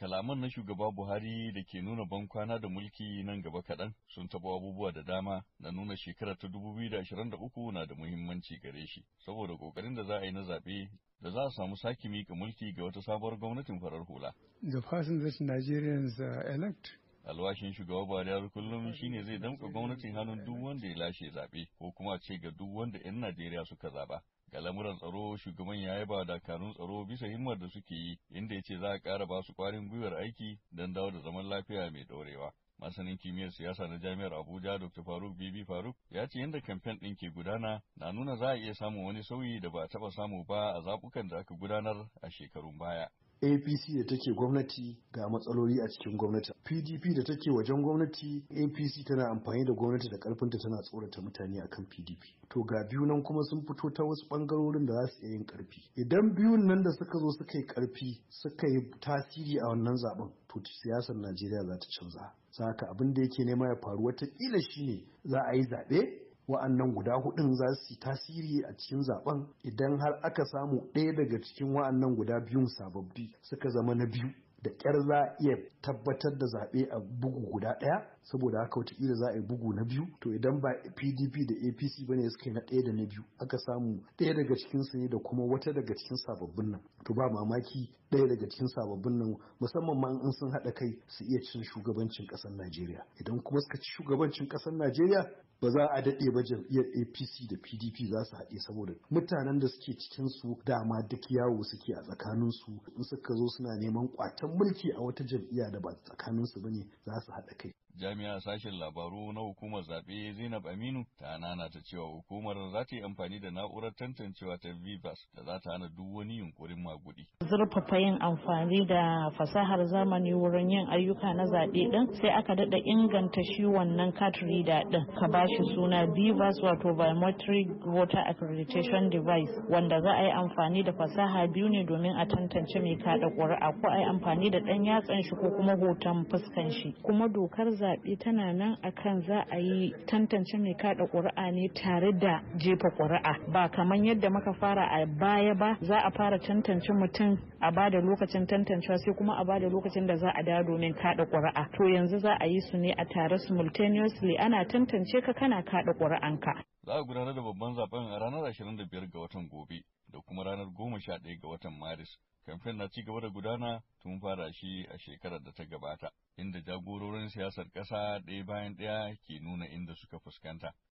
kalaman na shugaba Buhari da ke nuna bankwana da mulki nan gaba kaɗan sun taɓa abubuwa da dama na nuna shekara ta 2023 na da muhimmanci gare shi, saboda ƙoƙarin da za a yi na zaɓe da za a samu sake miƙa mulki ga wata sabuwar gwamnatin farar hula. The that Nigerians elect alwashin shugaba Buhari har kullum shine zai damƙa gwamnatin hannun duk wanda ya lashe zaɓe ko kuma ce ga duk wanda 'yan Najeriya suka zaɓa. ga lamuran tsaro shugaban ya yaba dakarun tsaro bisa himmar da suke yi inda ya ce za a ƙara ba su kwarin gwiwar aiki don dawo da zaman lafiya mai ɗorewa. Masanin kimiyyar siyasa na Jami'ar Abuja Dr. Faruk Bibi Faruk ya ce yadda kamfen ɗin ke gudana na nuna za a iya samun wani sauyi da ba a taɓa samu ba a zaɓukan da aka gudanar a shekarun baya. apc da take gwamnati ga matsaloli a cikin gwamnati pdp da take wajen gwamnati apc tana amfani da gwamnati da karfinta tana tsorata mutane akan pdp to ga biyu nan kuma sun fito ta wasu bangarorin da za su iya yin karfi idan biyun nan da suka zo suka yi karfi suka yi tasiri a wannan zaben to siyasar najeriya za ta canza saka abin da yake nema ya faru watakila shine za a yi zaɓe wa'annan guda hudun za su tasiri a cikin zaben idan har aka samu ɗaya daga cikin wa'annan guda biyun sababbi suka zama na biyu da kyar za a iya tabbatar da zaɓe a bugu guda ɗaya saboda haka watakila za a yi bugu na biyu to idan ba pdp da apc ne suka yi na ɗaya da na biyu aka samu ɗaya daga cikin su ne da kuma wata daga cikin sababbin nan to ba mamaki ɗaya daga cikin sababbin nan musamman ma in sun haɗa kai su iya cin shugabancin ƙasar najeriya idan kuma suka ci shugabancin ƙasar najeriya ba za a daɗe ba jam'iyyar apc da pdp za su haɗe saboda mutanen da suke cikin su dama duk yawo suke a tsakanin su in suka zo suna neman ƙwatan mulki a wata jam'iyya da ba tsakaninsu ba ne za su haɗa kai. Jami'a sashen labaru na hukumar zaɓe Zainab Aminu ta nana ta cewa hukumar za ta yi amfani da na'urar tantancewa ta VIVAS da za ta hana duk wani yunkurin maguɗi Zurfafa yin amfani da fasahar zamani wurin yin ayyuka na zaɓe ɗin sai aka daɗa inganta shi wannan card reader ɗin ka ba shi suna VIVAS wato Biometric Voter Accreditation Device wanda za a yi amfani da fasaha biyu ne domin a tantance mai kaɗa ƙuri'a ko a yi amfani amfani da ɗan yatsan shi ko kuma hoton fuskan shi kuma dokar zaɓe tana nan akan za a yi tantance mai kaɗa ƙuri'a ne tare da jefa ƙuri'a ba kamar yadda muka fara a baya ba za a fara tantance mutum a ba da lokacin tantancewa sai kuma a ba da lokacin da za a dawo domin kaɗa ƙuri'a to yanzu za a yi su ne a tare simultaneously ana tantance ka kana kaɗa ƙuri'anka. Za a gudanar da babban zaben a ranar 25 ga watan gobe da kuma ranar 11 ga watan Maris. Kamfen na ci gaba da gudana tun fara shi a shekarar da ta gabata, inda jagororin siyasar ƙasa ɗaya bayan ɗaya ke nuna inda suka fuskanta.